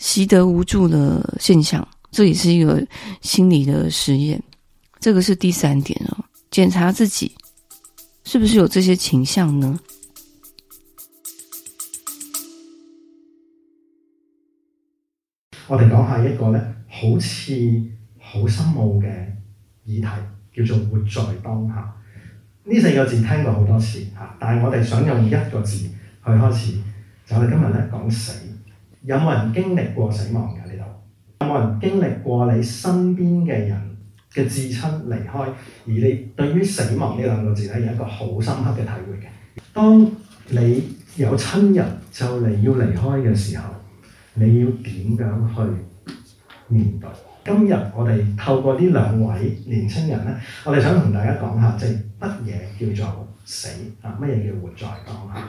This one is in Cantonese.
習得無助的現象，這也是一個心理的實驗。這個是第三點哦。檢查自己是不是有這些傾向呢？我哋講下一個咧，好似好深奧嘅議題，叫做活在當下。呢四個字聽過好多次，但係我哋想用一個字去開始，就是、我哋今日咧講死。有冇人經歷過死亡㗎？呢度有冇人經歷過你身邊嘅人嘅至親離開？而你對於死亡呢兩個字咧，有一個好深刻嘅體會嘅。當你有親人就嚟要離開嘅時候，你要點樣去面對？今日我哋透過呢兩位年青人咧，我哋想同大家講下，即係乜嘢叫做死啊？乜嘢叫活在當下？